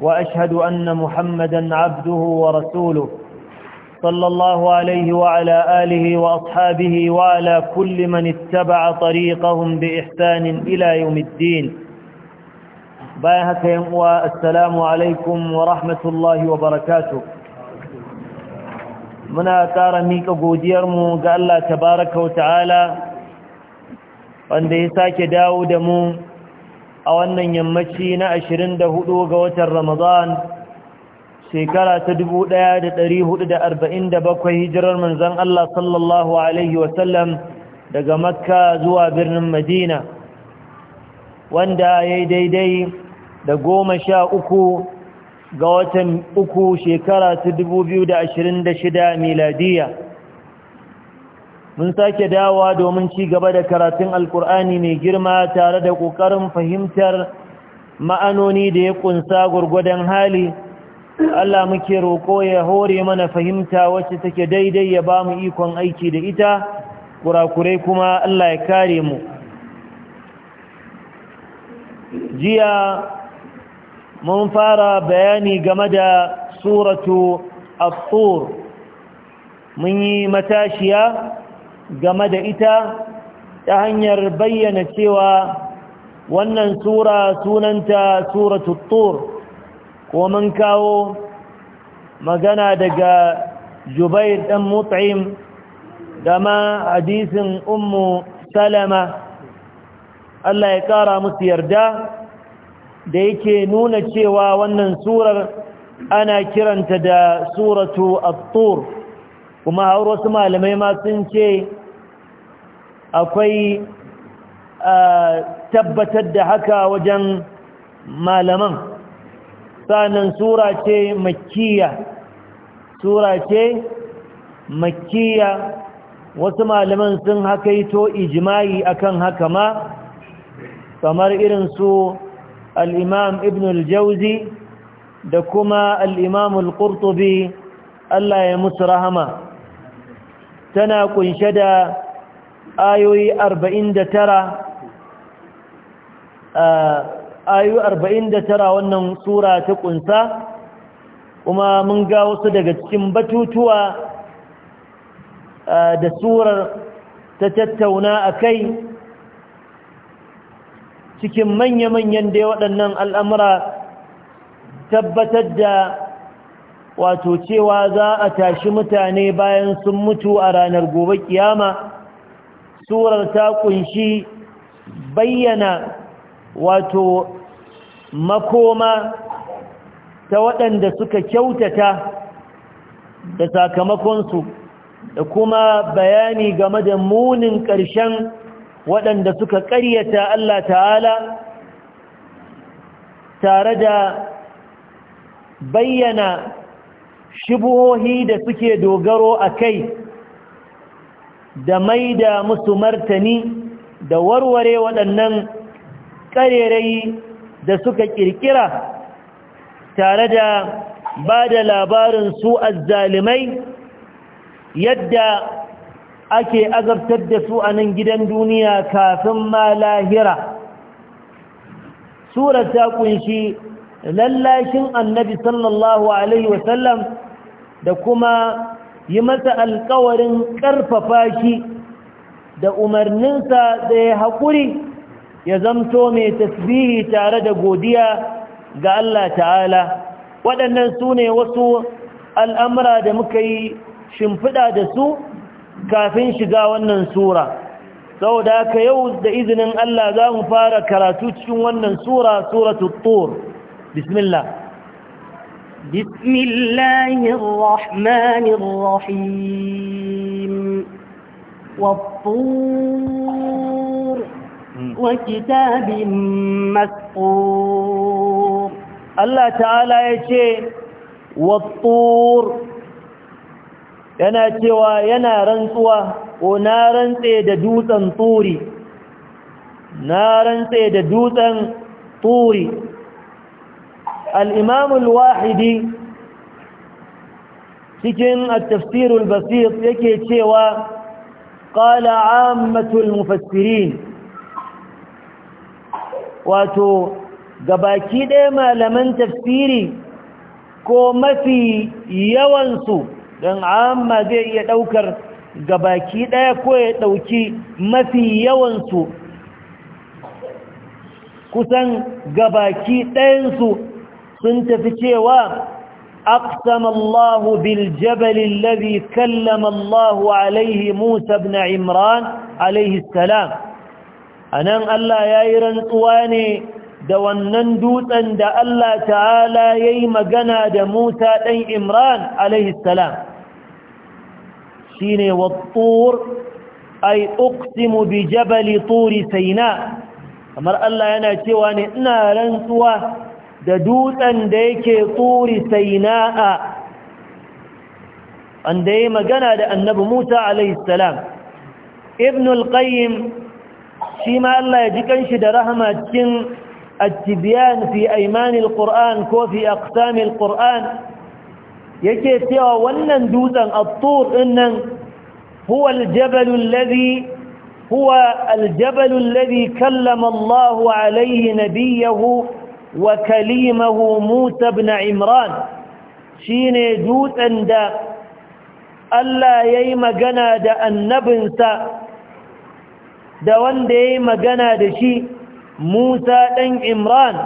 وأشهد أن محمدا عبده ورسوله صلى الله عليه وعلى آله وأصحابه وعلى كل من اتبع طريقهم بإحسان إلى يوم الدين بايها يموى السلام عليكم ورحمة الله وبركاته منا قار ميك ديرمو قال الله تبارك وتعالى عند ساك داود مو a wannan yammaci na 24 ga watan Ramadan shekara ta 1447 hijirar manzon Allah sallallahu alaihi wasallam daga Makka zuwa birnin Madina wanda ya yi daidai da goma sha uku ga watan uku shekara ta 2026 miladiya mun sake dawowa domin ci gaba da karatun alkur'ani mai girma tare da ƙoƙarin fahimtar ma'anoni da ya ƙunsa gwargwadon hali Allah muke roƙo ya hore mana fahimta wacce take daidai ya ba mu ikon aiki da ita kurakurai kuma Allah ya kare mu jiya mun fara bayani game da suratu at-tur mun yi matashiya game da ita ta hanyar bayyana cewa wannan sura sunanta suratul tur ko mun kawo magana daga jubair dan mut'im da ma hadisin ummu salama Allah ya kara musu yarda da yake nuna cewa wannan surar ana kiranta da suratu at-tur kuma har wasu malamai ma sun ce akwai tabbatar da haka wajen malaman sanan sura ce makiya sura ce makkiya wasu malaman sun hakaito ijma'i akan haka ma kamar irin su Al'imam ibn al-jawzi da kuma alimamul al-qurtubi Allah ya musu rahama tana kunshe da ayoyi 49 da 49 wannan sura ta kunsa kuma mun ga wasu daga cikin batutuwa da surar ta tattauna a kai cikin manya-manyan da waɗannan al'amura tabbatar da wato cewa za a tashi mutane bayan sun mutu a ranar gobe kiyama surar ta kunshi bayyana wato makoma ta waɗanda suka kyautata da sakamakonsu da kuma bayani game da munin ƙarshen waɗanda suka ƙaryata Allah ta'ala tare da bayyana shibuhohi da suke dogaro a kai da maida musu martani da warware waɗannan ƙarerai da suka ƙirƙira tare da ba da labarin su azzalimai yadda ake azabtar da su a nan gidan duniya kafin ma lahira sura ta kunshi lallashin annabi sallallahu alaihi wasallam da kuma yi masa alkawarin ƙarfafa shi da umarninsa da ya haƙuri ya zamto mai tasbihi tare da godiya ga Allah ta'ala waɗannan su ne wasu al'amura da muka yi shimfiɗa da su kafin shiga wannan sura saboda haka yau da izinin Allah za mu fara karatu cikin wannan sura suratul tur bismillah بسم الله الرحمن الرحيم والطور وكتاب مسطور الله تعالى يشيء والطور ينا تيوى ينا رنسوى ونارا سيد دوتا طوري نارا سيد دوتا طوري al-imam wahidi cikin at-tafsir yake cewa qala ammatul mufassirin wato gabaki ɗaya malaman tafsiri ko mafi yawansu don amma zai iya ɗaukar gabaki ɗaya ko ya ɗauki mafi yawansu kusan gabaki ɗayansu sun tafi cewa aqsam Allah bil jabal alladhi kallama alayhi Musa ibn Imran alayhi anan Allah yayi rantsuwa ne da wannan dutsen da Allah ta'ala yayi magana da Musa dan Imran alayhi salam shine wattur ay uqsimu bi jabal sayna kamar Allah yana cewa ne ina rantsuwa da dutsen da yake tsuri sai na'a wanda ya magana da annabi Musa alaihissalam ibnul qayyim shi ma Allah ya da rahama cikin at-tibyan fi aymanil qur'an ko fi aqsamil qur'an yake cewa wannan dutsen at-tur innan huwa al-jabal alladhi huwa kallama Allah alayhi nabiyahu وكليمه موسى بن عمران شين جوت عند ألا ييم جناد دا النبنسا دا وند يي شي موسى بن عمران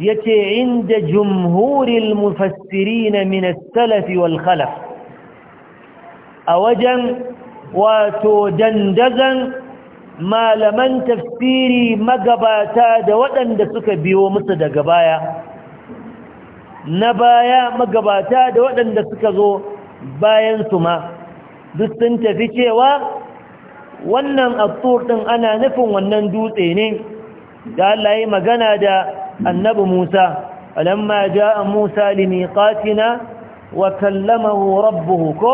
يتي عند جمهور المفسرين من السلف والخلف أوجن وتدندزن malaman tafsiri magabata da waɗanda suka biyo musu daga baya na baya magabata da waɗanda suka zo bayan su ma duk sun tafi cewa wannan attur ɗin ana nufin wannan dutse ne da Allah yi magana da annabi Musa alamma ja'a Musa limiqatina wa kallamahu rabbuhu ko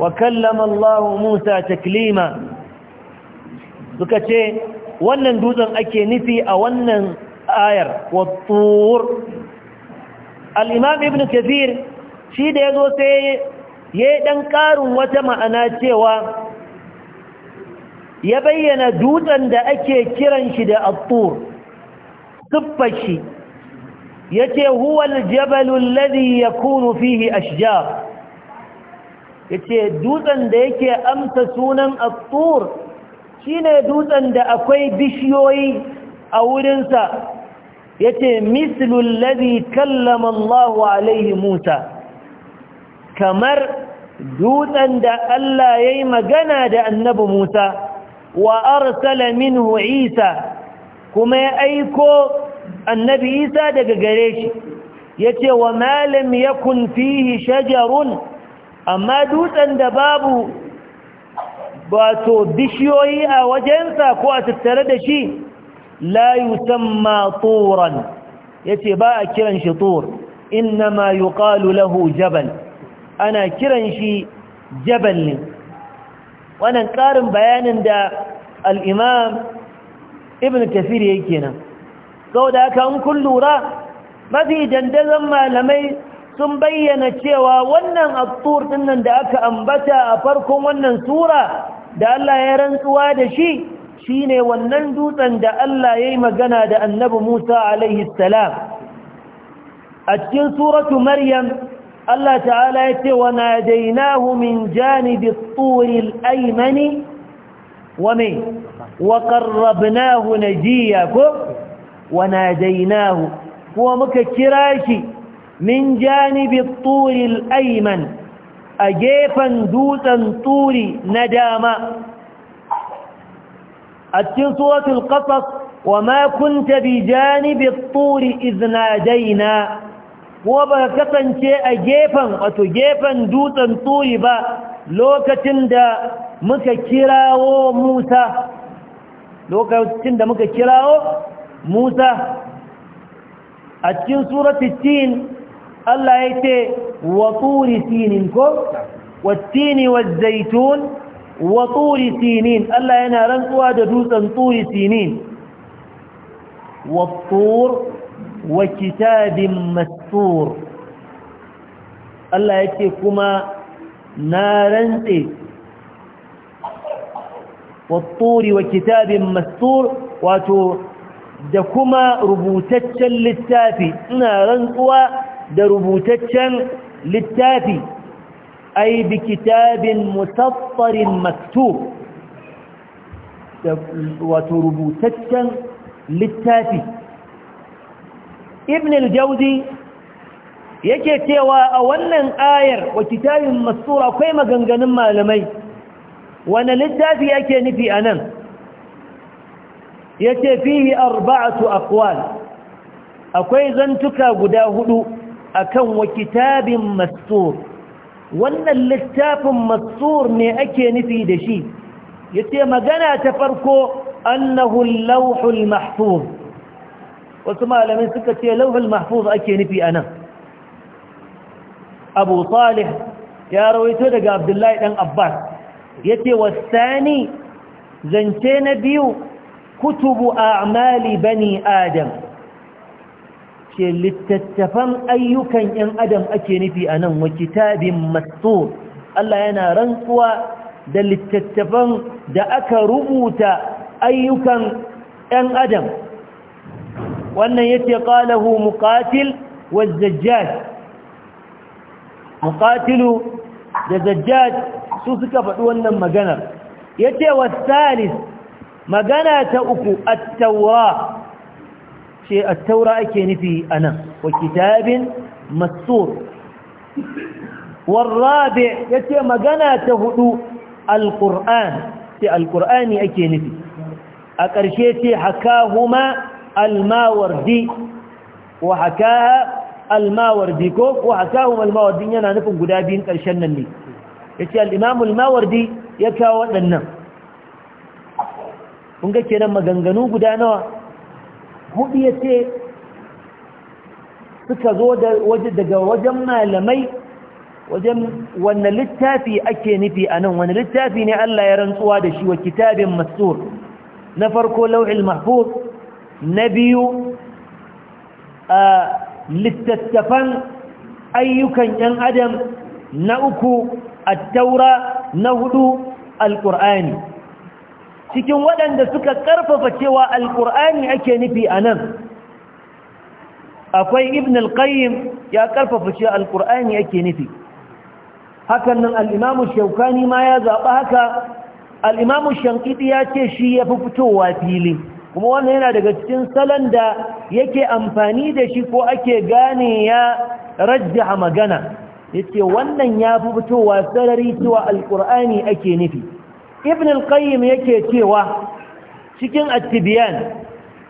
wa kallama Allah Musa taklima suka ce wannan dutsen ake nufi a wannan ayar wa al-imam ibn kathir shi da zo sai yayi ɗan ƙarin wata ma'ana cewa ya bayyana dutsen da ake kiran shi da attur tuffashi yace huwal al-jabal alladhi yakunu fihi Ya yace dutsen da yake amsa sunan attur shine dutsen da akwai bishiyoyi a wurinsa yace ce ladhi kallama Allahu alaihi Musa kamar dutsen da Allah yayi magana da annabi Musa wa arsala minhu Isa kuma ya aiko annabi Isa daga gare shi yace wa malam ya kunfihi shajarun amma dutsen da babu wato bishiyoyi a wajensa ko a tattare da shi la yusamma turan yace ba a kiran shi tur inma yuqalu lahu jabal ana kiran shi jabal ne wannan karin bayanin da al-imam ibn kathir yake nan saboda haka an kun lura mafi dandazon malamai sun bayyana cewa wannan at-tur nan da aka ambata a farkon wannan sura da Allah ya rantsuwa da shi shine wannan dutsen da Allah ya yi magana da annabi Musa alaihi salam a cikin suratu Maryam Allah ta'ala ya ce wa nadainahu min janibi turi al wa min wa qarrabnahu najiya ko wa nadainahu kuma muka kira shi min janibi turi a gefen dutsen turi na dama a cikin suratul qasas wa ma kunta bi janibi turi iznadaina ko ba kasance a gefen wato gefen dutsen turi ba lokacin da muka kirawo Musa lokacin da muka kirawo Musa a cikin suratul tin Allah ya ce wa turi sinin ko wattini wazzaitun wa turi sinin Allah yana rantsuwa da dutsen turi sinin wattur wa kitabin mastur Allah ya ce kuma na rantse wa watturi wa kitabin mastur wato da kuma rubutaccen littafi ina rantsuwa da rubutaccen littafi ai bi kitabin musattarin maktub wato rubutaccen littafi ibn al-jawzi yake cewa a wannan ayar wa kitabin mastura akwai maganganun malamai wani littafi yake nufi a nan ya ce fihi arba'atu aqwal akwai zantuka guda hudu akan wa kitabin mastur wannan littafin mastur ne ake nufi da shi yace magana ta farko annahu al-lawhul mahfuz wasu malamai suka ce lawhul mahfuz ake nufi anan abu salih ya rawaito daga abdullahi dan abbas yace wasani zance na biyu kutubu a'mali bani adam ce littattafan ayyukan ‘yan adam ake nufi a nan wa kitabin matsur Allah yana rantsuwa da littattafan da aka rubuta ayyukan ‘yan adam wannan ya ce ƙalahu wa zajjaj muƙatilu da zajjaj su suka faɗi wannan maganar ya ce wa salis magana ta uku a taura ce attaura ake nufi a nan wa kitabin masur warrabe ya ce magana ta hudu alkur'an ce alkur'ani ake nufi a ƙarshe ce haka huma almawardi wa haka ko wa haka huma almawardi yana nufin guda biyun ƙarshen nan ne ya ce al'imamu ya kawo waɗannan kun ga kenan maganganu guda nawa hudu ya ce suka zo daga wajen malamai wajen wanne littafi ake nufi a nan wanne littafi ne Allah ya rantsuwa da shi wa kitabin masur na farko lau'il mahfuz na biyu a littattafan ayyukan ‘yan adam na uku attaura na hudu alƙur'ani cikin waɗanda suka ƙarfafa cewa alƙur'ani ake nufi a nan akwai ibn al ya ƙarfafa cewa alƙur'ani ake nufi hakan nan al'imamu shaukani ma ya zaɓa haka al'imamu shankiti ya ce shi ya fi fitowa fili kuma wannan yana daga cikin salon da yake amfani da shi ko ake gane ya a magana ya ce wannan ya fi fitowa sarari cewa alƙur'ani ake nufi ibn al-qayyim yake cewa cikin at-tibyan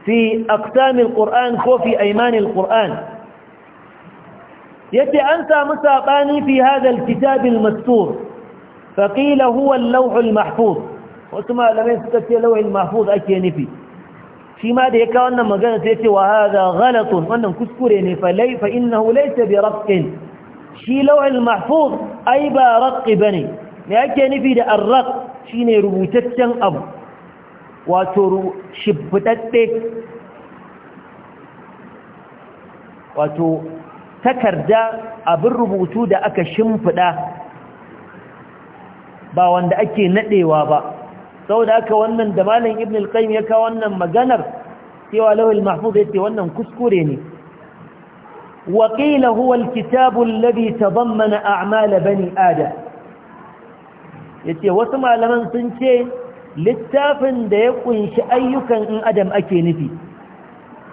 fi aqsam al-qur'an ko fi ayman al-qur'an yace an samu sabani fi hadha al-kitab al-mastur faqila huwa al-lawh al-mahfuz wasu malamai suka ce lawh al-mahfuz ake nufi shi ma da ya kawo wannan magana sai ce wa hadha ghalatun wannan kuskure ne fa lai fa innahu laysa bi raqqin shi lawh al-mahfuz ay ba raqq bane me yake nufi da arraq shine rubutaccen abu wato shimfidadde wato takarda abin rubutu da aka shimfida ba wanda ake nadewa ba Sau da haka wannan da malam ibn al qaim ya kawo wannan maganar cewa lawal mahfuz yace wannan kuskure ne وقيل هو الكتاب الذي تضمن أعمال بني آدم ya ce wasu malaman sun ce littafin da ya kunshi ayyukan in adam ake nufi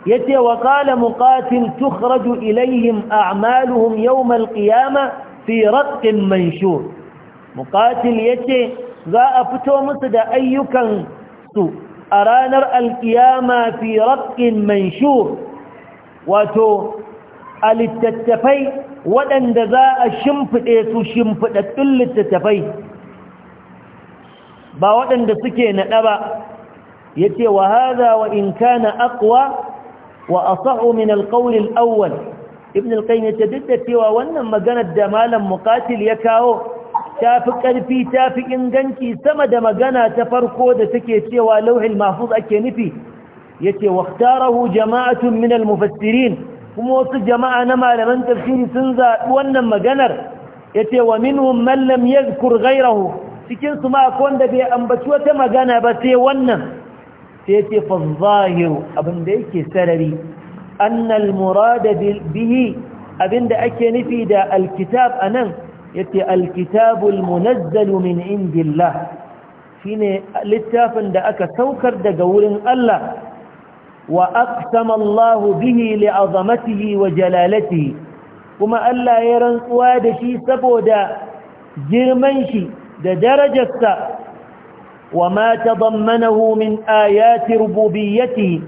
ya ce wa kala muqatil tukhraju ilayhim a'maluhum yawm al-qiyama fi raqin manshur muqatil yace za a fito musu da ayyukan su a ranar alkiyama fi raqin manshur wato a littattafai waɗanda za a shimfiɗe su shimfiɗattun littattafai ba waɗanda suke naɗa ba ya ce wa haza wa in kana akwa wa asahu min alqawl awwal. ibn ya ce duk da cewa wannan maganar da malam mukatil ya kawo tafi karfi tafi inganci sama da magana ta farko da take cewa lauhin mahfuz ake nufi yace waqtarahu jama'atun min almufassirin kuma wasu jama'a na malaman tafsiri sun zaɓi wannan maganar ce wa minhum mallam lam yadhkur cikin su ma wanda bai ambaci wata magana ba sai wannan sai ce fa zahiru abinda yake sarari annal murada bihi abinda ake nufi da alkitab anan yace alkitabul munazzal min indillah shine littafin da aka saukar daga wurin Allah wa aqsama Allah bihi li'azamatihi wa jalalatihi kuma Allah ya rantsuwa da shi saboda girman shi da darajarsa wa ma tadammanahu min ayati rububiyyati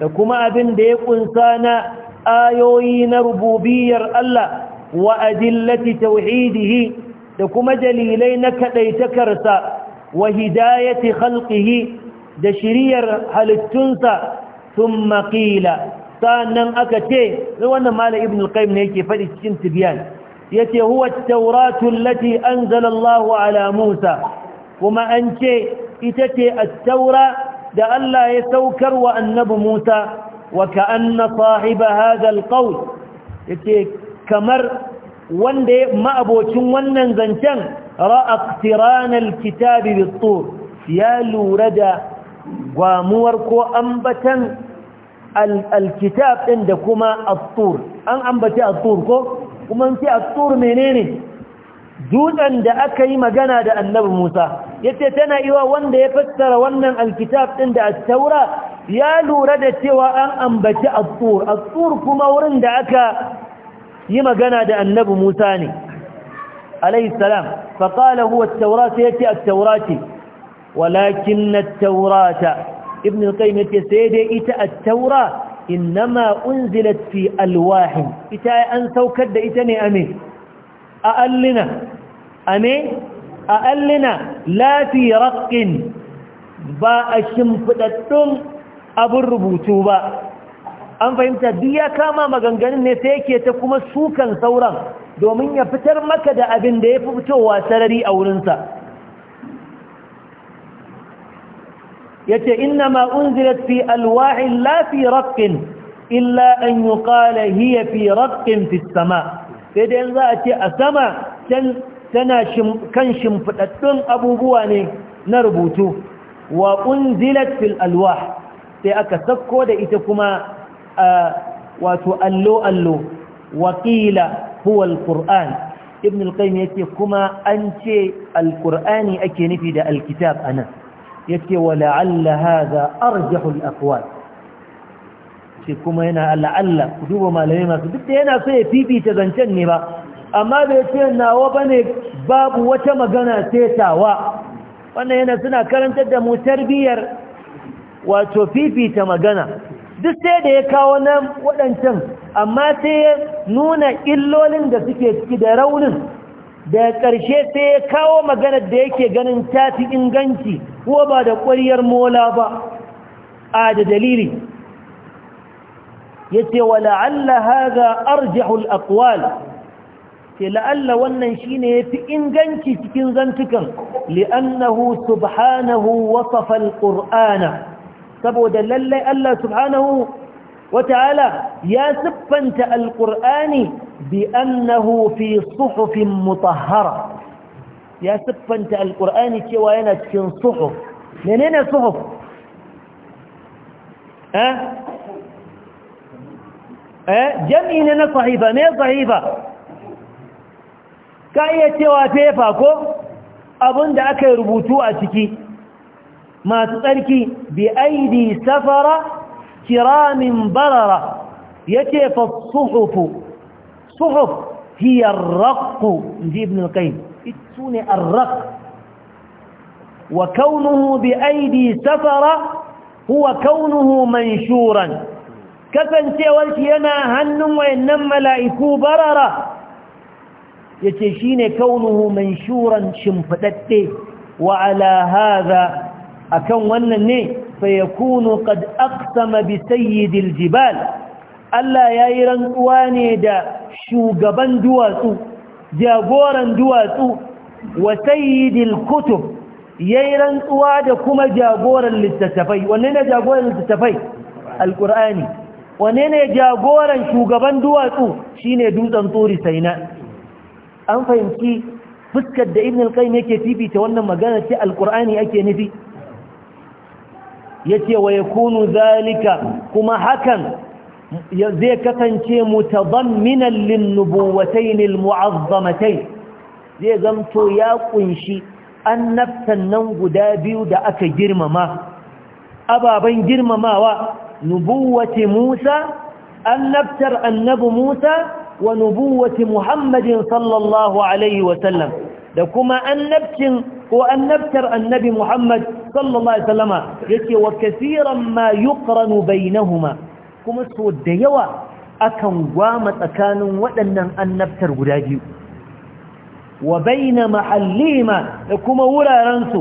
da kuma abin da ya kunsa na ayoyi na rububiyar Allah wa adillati tauhidihi da kuma dalilai na kadaitakarsa wa hidayati khalqihi da shiriyar halittunsa sun maƙila sannan aka ce wannan malam ibn al ne yake faɗi cikin tibyan yace huwa at-tauratu allati anzala Allah ala Musa kuma an ce ita ce at-taura da Allah ya saukar wa annabi Musa wa ka'anna sahiba hadha al-qawl yace kamar wanda ma'abocin wannan zancen ra'a iqtiran al-kitab bit-tur ya lura da gwamuwar ko ambatan al-kitab din da kuma at-tur an ambaci at-tur ko kuma an at-tur menene dutsen da aka yi magana da annabi Musa yace tana iwa wanda ya fassara wannan alkitab din da at-taura ya lura da cewa an ambaci at-tur at-tur kuma wurin da aka yi magana da annabi Musa ne alayhi salam fa qala huwa at-taura yace at-taurati walakin at-taurata ibn al-qayyim yace sai dai ita at innama unzilat fi alwahin ita an saukar da ita ne ame a allina ame a allina lafi raqin ba a shimfidaddun abun rubutu ba an fahimta duk ya kama maganganun ne sai yake ta kuma sukan sauran domin ya fitar maka da abin da ya fi fitowa sarari a wurinsa yace inna ma unzilat fi alwahin la fi raqqin illa an yuqala hiya fi raqqin fi sama sai dan za a ce a sama can tana kan shimfidaddun abubuwa ne na rubutu wa unzilat fil alwah sai aka sako da ita kuma wato allo allo waqila huwa alquran ibn alqayyim yace kuma an ce alqurani ake nufi da alkitab anan yake wa la'alla hadha arjahu al-aqwal shi kuma yana la'alla ku duba malamai masu duk da yana so ya fifita zancen ne ba amma bai ce nawa bane babu wata magana sai tawa wannan yana suna karantar da mu tarbiyar wato fifita magana duk sai da ya kawo nan wadancan amma sai ya nuna illolin da suke ciki da raunin da ƙarshe sai ya kawo maganar da yake ganin tafi inganci ko ba da ƙwariyar mola ba a da dalili ya ce wa la'alla haga arjihul akwal ce la'alla wannan shi ne ya fi inganci cikin zantukan li'annahu subhanahu wasafal ƙur'ana saboda lallai Allah subhanahu wata'ala ya siffanta alƙur'ani بأنه في صحف مطهرة ya siffanta alkur'ani cewa yana cikin suhuf menene suhuf eh eh jam'i ne na sahifa me sahifa ka iya cewa fefa ko abinda aka yi rubutu a ciki masu tsarki bi aidi safara kiramin barara yace fa suhufu الصحف هي الرق دي ابن القيم اتسوني الرق وكونه بأيدي سفرة هو كونه منشورا كفن سيوالتي أنا هنم وإنما ملائكو بررة يتشين كونه منشورا شمفتت وعلى هذا أكون ونني فيكون قد أقسم بسيد الجبال ألا يا إيران واني دا shugaban duwatsu jagoran duwatsu wa sayyidil kutub yayi rantsuwa da kuma jagoran littattafai wanne ne jagoran littattafai alqur'ani wanne ne jagoran shugaban duwatsu shine dutsen turi saina an fahimci fuskar da ibn al-qayyim yake fifita wannan magana ce alqur'ani ake nufi yace wa yakunu zalika kuma hakan zai kasance mutadamminan linnubuwatayn almu'azzamatayn zai zamto ya kunshi annabtan nan guda biyu da aka girmama ababan girmamawa nubuwati Musa annabtar annabi Musa wa nubuwati Muhammadin sallallahu alaihi wa sallam da kuma annabcin ko annabtar annabi Muhammad sallallahu alaihi wa sallama yake wa kaseeran ma yuqranu bainahuma kuma so da yawa akan gwama tsakanin waɗannan annabtar guda biyu wa baina mahallihima da kuma wurarensu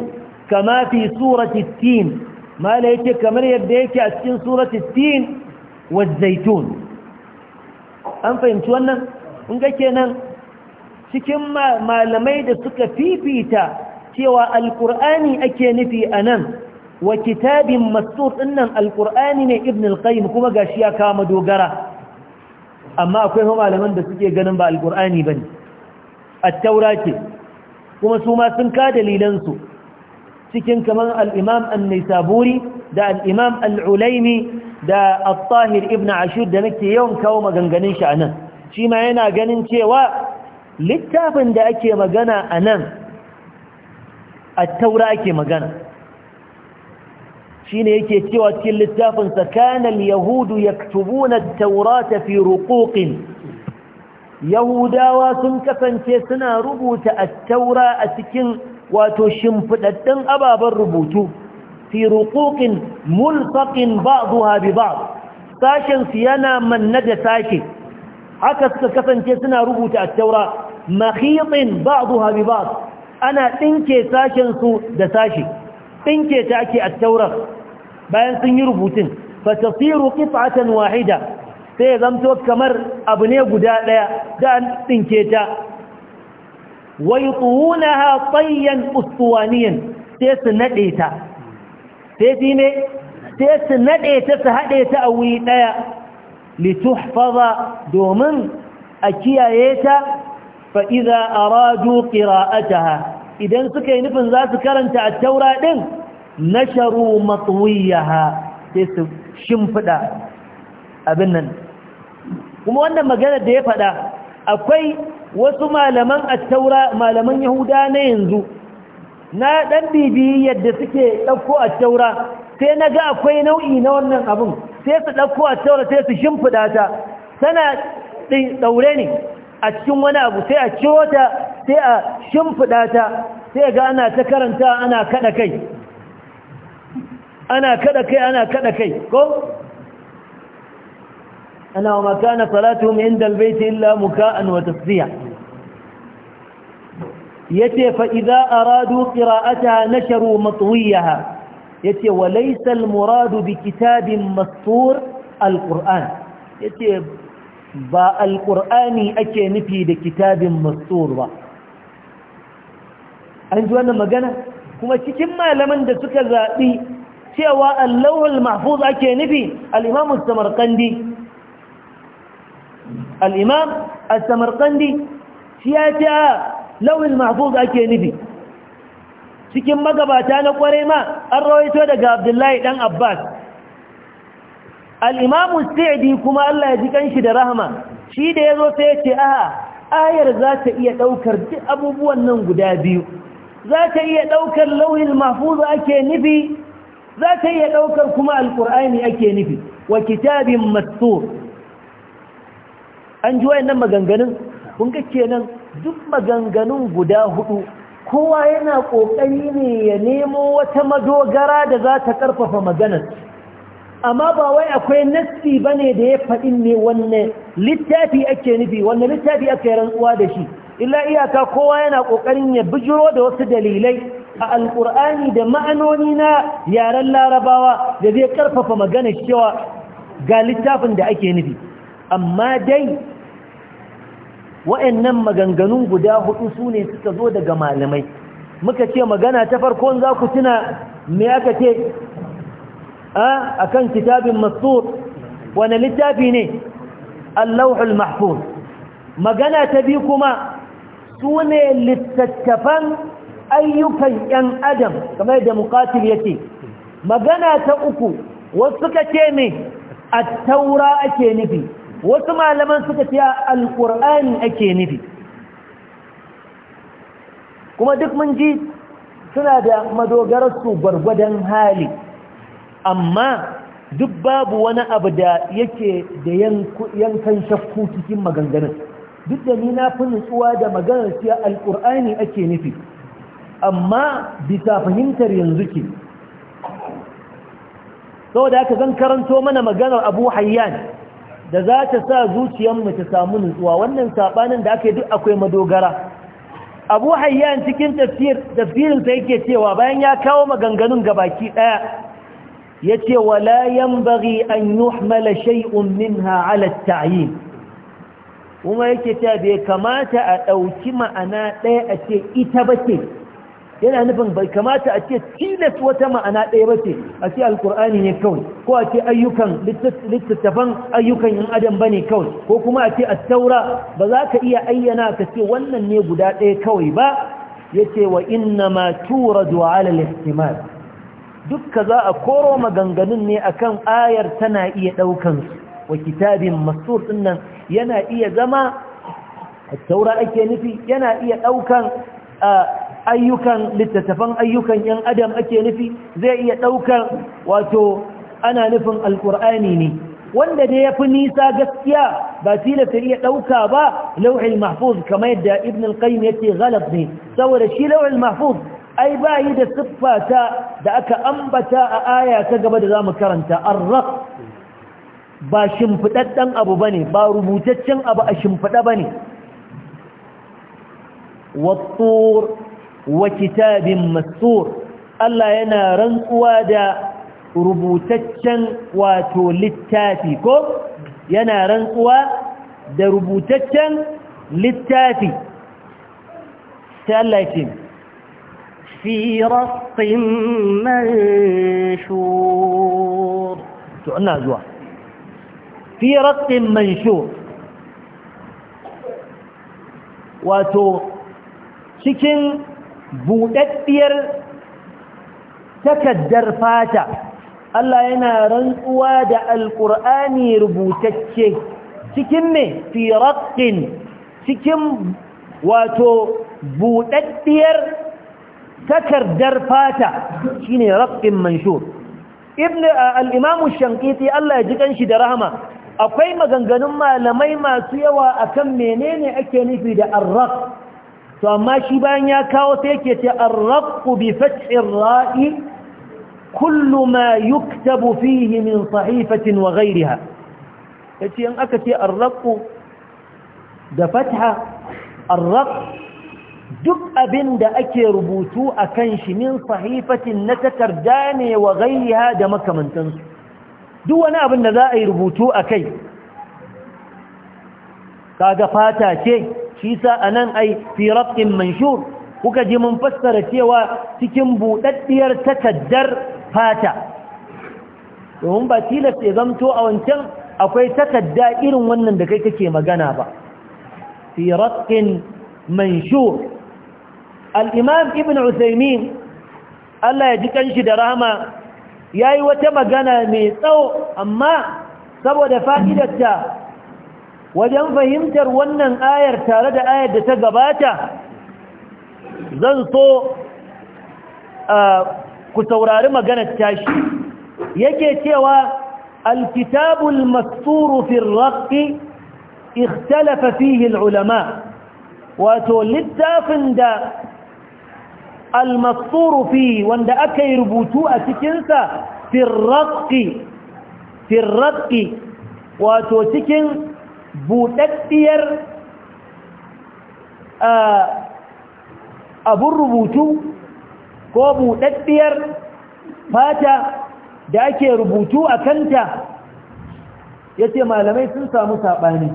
kama fi surati tin mala yake kamar yadda yake a cikin surati tin wa zaitun an fahimci wannan in ga kenan cikin malamai da suka fifita cewa alkur'ani ake nufi anan wa kitabin mastur ɗinnan alqur'ani ne ibn al kuma kuma gashi ya kama dogara amma akwai malaman da suke ganin ba ba ne? A taura ke, kuma su ma sun ka dalilan su cikin kamar al-imam an da Al'imam imam al da at-tahir ibn ashur da nake yawan kawo maganganun shi anan shi ma yana ganin cewa littafin da ake magana nan, a taura ake magana shine yake cewa cikin littafin sa kana yahudu yaktubuna at-taurata fi ruquqin yahudawa sun kasance suna rubuta at-taura a cikin wato shimfidaddun ababan rubutu fi ruquqin mulfaqin ba'daha bi ba'd sashin yana manne da sashe. haka suka kasance suna rubuta at-taura makhitin ba'daha bi ba'd ana dinke sashin su da sashi dinke ta ake at bayan sun yi rubutun fatasiru qit'atan wahida sai zamto kamar abu ne guda daya da an dinke ta waytunaha tayyan ustuwaniyan sai su nade ta sai shi ne sai su nade ta su hade ta a wuri daya lituhfaza domin a kiyaye ta fa idza aradu qira'ataha idan suka yi nufin za su karanta a taura din nasharu matwiyaha sai su shimfida abin nan kuma wannan magana da ya faɗa akwai wasu malaman attaura malaman yahuda na yanzu na dan bibiyi yadda suke ɗauko attaura sai naga akwai nau'i na wannan abun sai su ɗauko attaura sai su shimfida ta tana daure ne a cikin wani abu sai a ciro ta sai a shimfida ta sai ga ana ta karanta ana kada kai ana kada kai ana kada kai ko ana wa makana salatuhum inda albayti illa muka'an wa tasdiya yace fa idza aradu qira'ataha nasharu matwiyaha yace wa laysa almuradu bi kitabin mastur alquran yace ba alqurani ake nufi da kitabin mastur ba an ji wannan magana kuma cikin malaman da suka zaɓi. cewa allahul mahfuz ake nufi al-imam as-samarqandi al-imam as-samarqandi shi ya ce ah, lawul mahfuz ake nufi cikin magabata na kware ma an rawaito daga abdullahi dan abbas al-imam as-sa'di kuma Allah ya ji kanshi da rahama shi da yazo sai ya ce a ah, ayar za ta iya daukar duk abubuwan nan guda biyu za ta iya daukar lawul mahfuz ake nufi za ta iya ɗaukar kuma alƙur'ani ake nufi wa kitabin matsur an ji wayannan maganganun kun ga kenan duk maganganun guda hudu kowa yana ƙoƙari ne ya nemo wata madogara da za ta ƙarfafa maganar amma ba wai akwai nassi ne da ya faɗin ne wanne littafi ake nufi wanne littafi ake rantsuwa da shi illa iyaka kowa yana ƙoƙarin ya bijiro da wasu dalilai a alkur'ani da ma'anoni na yaren larabawa da zai karfafa magana cewa ga littafin da ake nufi amma dai wa'annan maganganun guda hudu su ne suka zo daga malamai muka ce magana ta farkon za ku tuna me aka ce a kan kitabin mastur wane littafi ne allahul mahfuz magana ta bi kuma su ne littattafan ayyukan ‘yan adam kamar da mukatil ya ce magana ta uku wasu suka ce ne a taura ake nufi wasu malaman suka ce alƙur'ani ake nufi kuma duk mun ji suna da madogararsu gwargwadon hali amma duk babu wani abu da yake da yankan shakku cikin maganganun duk da ni na fi nutsuwa da maganar siya alƙur'ani ake nufi amma bisa fahimtar yanzu ke saboda haka zan karanto mana maganar abu hayyan da za ta sa zuciyarmu ta samu nutsuwa wannan sabanin da aka yi duk akwai madogara abu hayyan cikin tafsirinsa yake cewa bayan ya kawo maganganun gabaki daya ya ce layan bari an yuhmala shay'un minha ala tayin kuma yake cewa bai kamata a ɗauki ma'ana ɗaya a ce ita ba ce yana nufin bai kamata a ce tilas wata ma'ana ɗaya ba ce a ce alkur'ani ne kawai ko a ce ayyukan littattafan ayyukan yin adam ba ne kawai ko kuma a ce a taura ba za ka iya ayyana ka ce wannan ne guda ɗaya kawai ba ya ce wa inna ma tura du'a alal dukka za a koro maganganun ne akan ayar tana iya ɗaukan wa kitabin masur ɗinnan yana iya zama a taura ake nufi yana iya ɗaukan ayyukan littattafan ayyukan yan adam ake nufi zai iya ɗaukar wato ana nufin alkur'ani ne wanda da ya fi nisa gaskiya ba tilasta iya ɗauka ba lauhin mahfuz kamar yadda ibn al-qayyim yake galab ne saboda shi lauhin mahfuz ai ba yi da ta da aka ambata a aya ta gaba da zamu karanta arraq ba abu bane ba rubutaccen abu a shimfiɗa bane wattur وكتابٍ مسطور الله ينا رنقوا دا ربوتتشن وتولتاتي كم ينا رنقوا دا ربوتتشن للتاتي سألّا في رق منشور تقلنا أزواء في رق منشور وتو شكين buɗaɗɗiyar takaddar fata Allah yana rantsuwa da alƙur'ani rubutacce cikin ne fi cikin wato buɗaɗɗiyar takardar fata ne raƙin manshur ibn al shankiti Allah ya ji kanshi da rahama akwai maganganun malamai masu yawa akan menene ake nufi da arrak. to amma shi bayan ya kawo sai yake ce arraqu bi fathi ra'i kullu ma yuktabu fihi min sahifatin wa ghayriha yace in aka ce arraqu da fatha arraq duk abinda ake rubutu akan shi min sahifatin na takarda ne wa ghayriha da makamantansu duk wani abin da za a yi rubutu akai kaga fata ce shi sa anan ai fi raqin manshur kuka ji mun fassara cewa cikin buɗaɗɗiyar takaddar fata domin ba tilas ya zamto a wancan akwai takadda irin wannan da kai kake magana ba fi manshur alimam ibn usaymin Allah ya ji kanshi da rahama yayi wata magana mai tsawo amma saboda fa'idarta wajen fahimtar wannan ayar tare da ayar da ta gabata zan so ku saurari maganar tashi yake cewa alkitabul masturu fi raqi ikhtalafa fihi alulama wato littafin da almasturu fi wanda aka yi rubutu a cikinsa fi wato cikin buɗaɗɗiyar abun rubutu ko buɗaɗɗiyar fata da ake rubutu a kanta ya ce malamai sun samu saɓani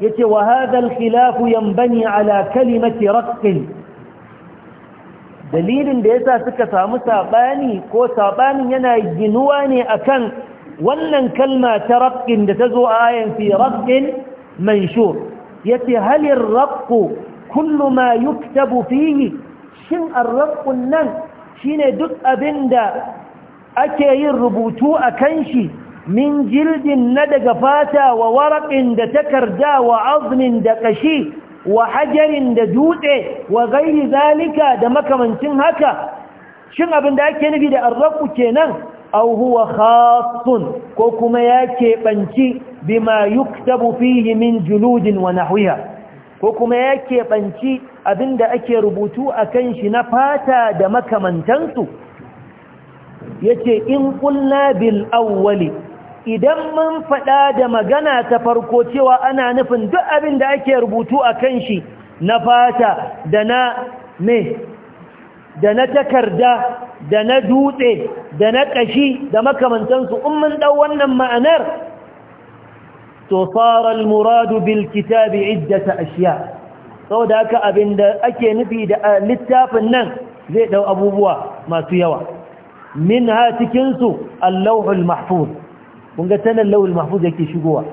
ya ce wa hadal khilafu yambani ala kalimati raƙin dalilin da ya sa suka samu saɓani ko saɓanin yana ginuwa ne akan wannan kalma ta raqqin da tazo ayan fi raqqin manshur yace hal ar-raqq kullu ma yuktabu fihi shin an raqq nan shine duk abinda ake yin rubutu akan shi min jildin na daga fata wa waraqin da takarda wa azmin da ƙashi wa hajarin da dutse wa gairi zalika da makamancin haka shin abin da ake nufi da arraku kenan aw huwa khassun ko kuma ya keɓanci bima yuktabu fihi min juludin wa nahwiha ko kuma ya keɓanci abinda ake rubutu akan shi na fata da makamantansu yace in qulna bil awwali idan mun faɗa da magana ta farko cewa ana nufin duk abin da ake rubutu a shi na fata da na me da na takarda da na dutse da na kashi da makamantansu in mun dau wannan ma'anar to muradu bil kitabi iddata ashiya saboda haka abinda ake nufi da littafin nan zai dau abubuwa masu yawa minha cikin su al-lawhul mahfuz kun ga tanan lawhul mahfuz yake shigowa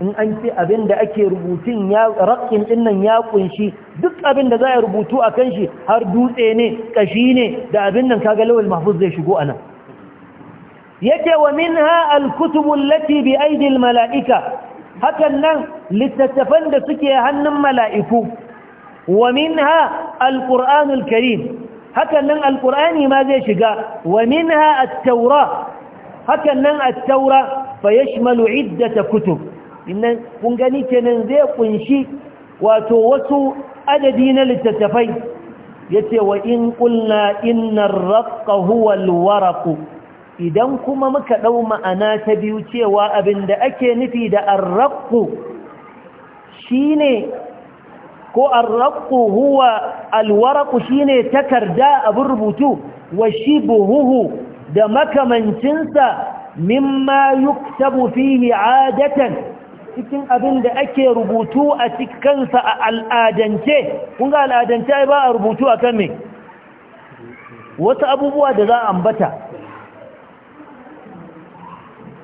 in an ce abin da ake rubutun ya raƙin ɗinnan ya ƙunshi duk abin da za a rubutu a kan shi har dutse ne ƙashi ne da abin nan kaga lawal mahfuz zai shigo a nan yake wa min ha alkutubun lati bi aidil mala'ika hakan nan littattafan da suke hannun mala'iku wa min ha alƙur'anul karim hakan nan alƙur'ani ma zai shiga wa min ha attaura hakan nan attaura fa yashmalu iddata kutub innan kun gani kenan zai kunshi wato wasu adadi na littattafai yace wa in qulna innar raqqa huwa alwaraq idan kuma muka dau ma'ana ta biyu cewa abinda ake nufi da arraqu shine ko arraqu huwa alwaraq shine takarda abu rubutu wa buhuhu da makamancinsa mimma yuktabu fihi adatan cikin abin da ake rubutu a cikinsa a al'adance kun ga al'adance ba a rubutu a kan me wata abubuwa da za a ambata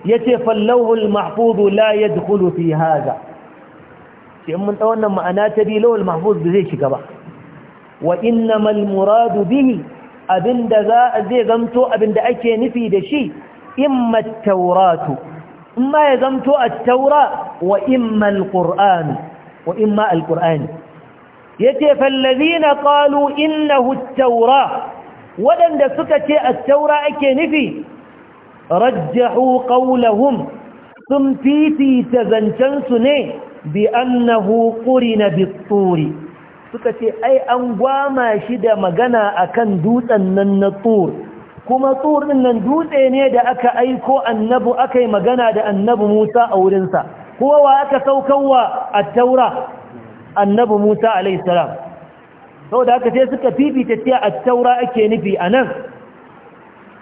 ya ce fallahul mahfuzu la ya dukulu fi haza ce mun ta wannan ma'ana ta bi lawal mahfuz da zai shiga ba wa innamal muradu bihi abinda za zai zamto abinda ake nufi da shi imma tauratu in ma ya zamto a taura wa imma al-qur'an wa imma al-qur'an yace fallazina qalu innahu at-taura wadanda suka ce at-taura ake nufi rajjahu qawlahum sun fiti tazancan su ne bi annahu qurina bit-turi suka ce ai an gwama shi da magana akan dutsen nan na tur kuma tsur din nan dutse ne da aka aiko annabi aka yi magana da annabi Musa a wurinsa kuma wa aka saukarwa a taura annabi Musa alaihi salam saboda haka sai suka fifita cewa a taura ake nufi anan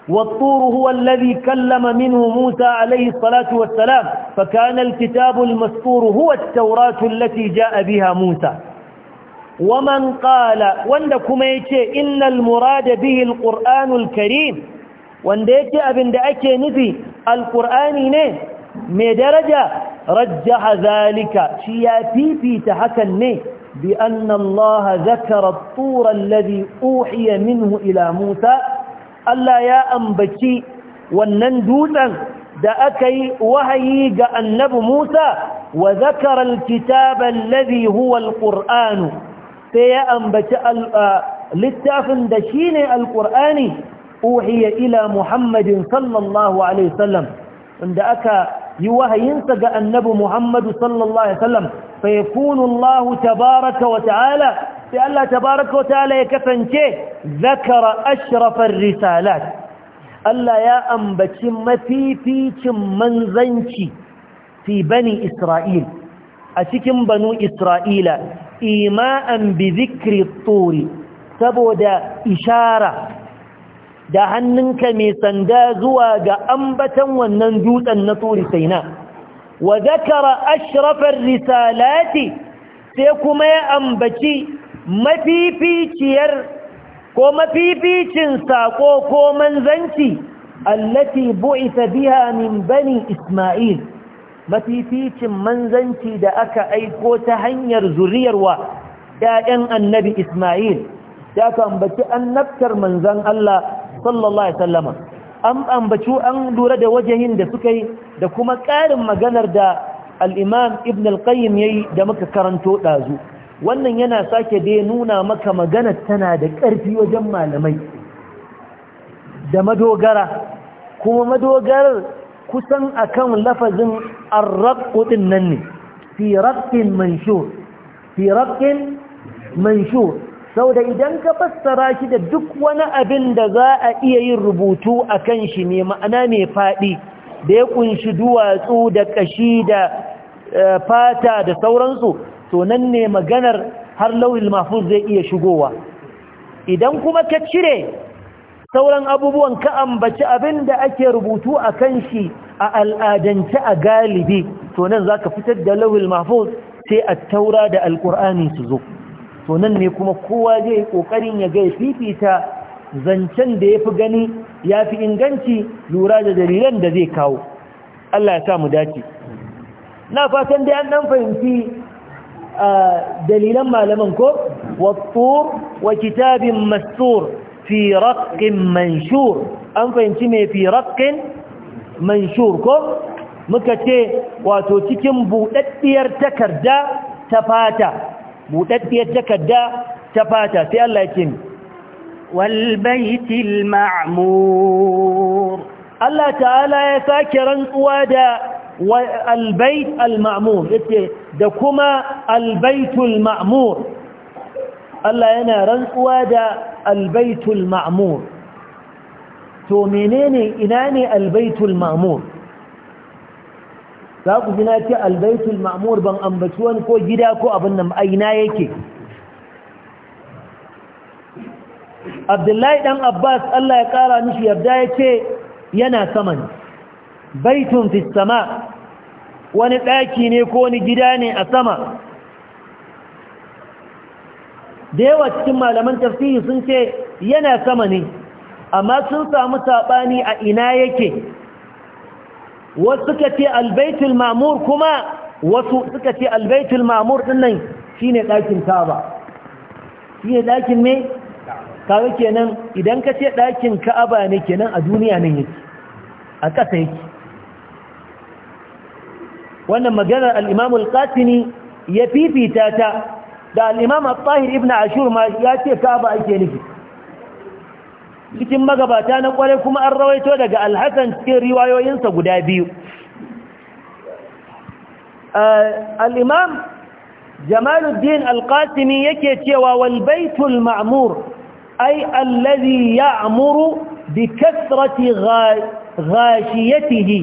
والطور هو الذي كلم منه موسى عليه الصلاة والسلام فكان الكتاب المسطور هو التوراة التي جاء بها موسى waman qala wanda kuma yace innal murada bihi alquranul karim wanda yace abinda ake nufi alqurani ne mai daraja rajjaha zalika shi ya fifita hakan ne bi anna allaha zakara at-tur alladhi uhiya minhu ila musa Allah ya ambaci wannan dutsen da aka yi wahayi ga annabi Musa wa zakara alkitaba alladhi huwa alqur'anu sai ya ambaci littafin da shi ne alƙur'ani uhiya ila muhammadin sallallahu alaihi aka yi wahayinsa ga annabi muhammadu sallallahu alaihi wasallam fa tabaraka wa ta'ala sai allah tabaraka wa ta'ala ya kasance zakara ashrafar risalat allah ya ambaci mafificin manzanci fi bani isra'il a cikin banu isra'ila ima'an bi zikri turi saboda ishara da hannunka mai sanda zuwa ga ambatan wannan dutsen na turi saina wa zakara ashrafar risalati sai kuma ya ambaci mafificiyar ko mafificin sako ko manzanci allati bu'ita biha min bani isma'il mafificin manzanci da aka aiko ta hanyar zuriyarwa ‘ya'yan annabi Ismail ya an annabtar manzan Allah sallallahu Alaihi sallama an ambaci an lura da yin da suka yi da kuma ƙarin maganar da al'imam ibn al-qayyim ya yi da muka karanto ɗazu wannan yana sake dai nuna maka maganar tana da ƙarfi wajen malamai da madogara kuma madogarar kusan akan lafazin arraƙuɗin nan ne fi manshur fi raqqin Sau da idan ka fassara shi da duk wani abin da za a iya yin rubutu akan shi ne ma'ana mai faɗi, da ya kunshi duwatsu da ƙashi, da eh, fata da sauransu to nan ne maganar har lauyin mafi zai iya shigowa idan kuma ka cire sauran abubuwan ka ambaci abin da ake rubutu a kan shi a al'adance a galibi to nan za ka fitar da lawil mahfuz sai a taura da alƙur'ani su zo to nan ne kuma kowa zai ƙoƙarin ya ga ya fifita zancen da ya fi gani ya fi inganci lura da dalilan da zai kawo Allah ya sa mu dace na fatan dai an ɗan fahimci dalilan malaman ko wattur wa kitabin mastur fi raqqin manshur an fahimci me fi raqqin manshur ko muka ce wato cikin buɗaɗɗiyar takarda ta fata buɗaɗɗiyar takarda ta fata sai Allah ya ce walbaitil ma'mur Allah ta'ala ya sake rantsuwa da albayt al-ma'mur yace da kuma albaytul ma'mur Allah yana rantsuwa da albaytul ma'mur to menene ina ne albaitul ma'mur za ku ji na ce albaitul ma'mur ban ambaci wani ko gida ko abin nan aina yake abdullahi dan abbas allah ya kara mishi yabda ya ce yana saman baitun fi sama wani ɗaki ne ko wani gida ne a sama da yawa cikin malaman tafsiri sun ce yana sama ne amma sun samu saɓani a ina yake wasu suka ce albaitul mamur kuma wasu suka ce albaitul mamur dinnan shine ɗakin kaba shine ɗakin me kawo kenan idan ka ce ɗakin ka'aba ne kenan a duniya nan yake a ƙasa yake wannan maganar al'imamu al'atini ya fifita ta da al'imamu al-tahir ibn ashur ma ya ce ka'aba ake nufi cikin magabata na kwarai kuma an rawaito daga alhassan cikin riwayoyinsa guda biyu eh, al'imam jamaluddin alƙasimi yake cewa walbaitul ma'amur ai allazi ya amuru bi kasrati ghashiyatihi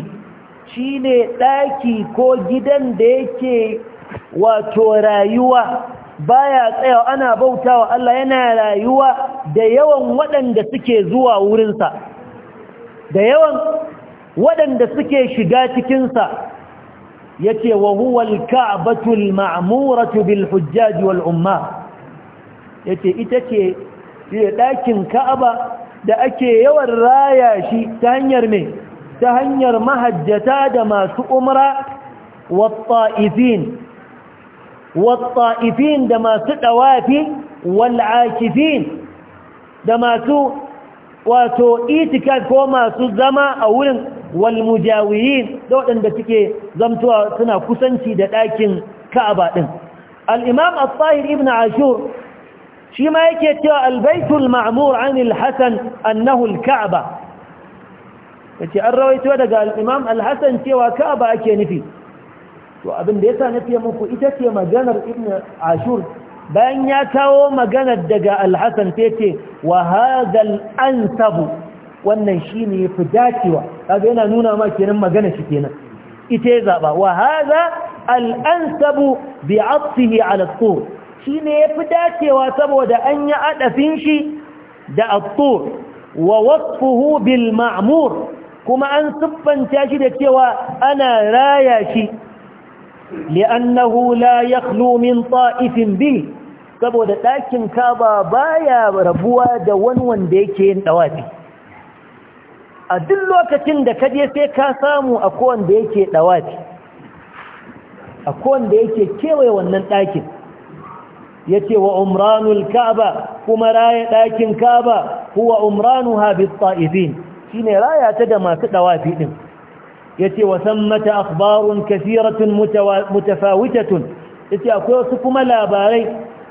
shine ɗaki ko gidan da yake wato rayuwa baya tsayawa ana bautawa Allah yana rayuwa da yawan waɗanda suke zuwa wurinsa da yawan waɗanda suke shiga cikinsa yake wa huwa al-ka'batu mamuratu bil hujjaj wal umma yake ita ce dakin ka'aba da ake yawan raya shi ta hanyar me ta hanyar mahajjata da masu umra wa ta'ifin والطائفين دما ستوافي والعاكفين دما سو واتو ايتكاد كوما سو زما اولن والمجاويين دودن da suke zamtuwa suna kusanci da ɗakin Ka'aba din al-Imam ibn Ashur shi ma yake cewa al-Baitul Ma'mur 'an al-Hasan annahu al an rawaito daga al-Imam al-Hasan cewa Ka'aba ake nufi to abin da yasa nace muku ita ce maganar ibn ashur bayan ya kawo maganar daga al-hasan sai ce wa hadal ansab wannan shine fi dacewa kaga yana nuna ma kenan magana shi kenan ita zaba wa hadha al-ansab bi'athihi ala at-tur shine yafi dacewa saboda an yi adafin shi da at-tur wa wasfuhu bil ma'mur kuma an siffanta shi da cewa ana raya shi li'annahu la yakhlu min ta'ifin bi saboda ɗakin kaba baya rabuwa da wani wanda yake yin dawafi a duk lokacin da ka je sai ka samu a kowanda yake dawafi a kowanda yake kewaye wannan ɗakin yace wa umranul ka'aba kuma raya ɗakin ka'aba huwa umranuha bit ta'ifin shine raya ta da masu dawafi din yace wa sammata akhbarun kathiratun mutafawitatun yace akwai wasu kuma labarai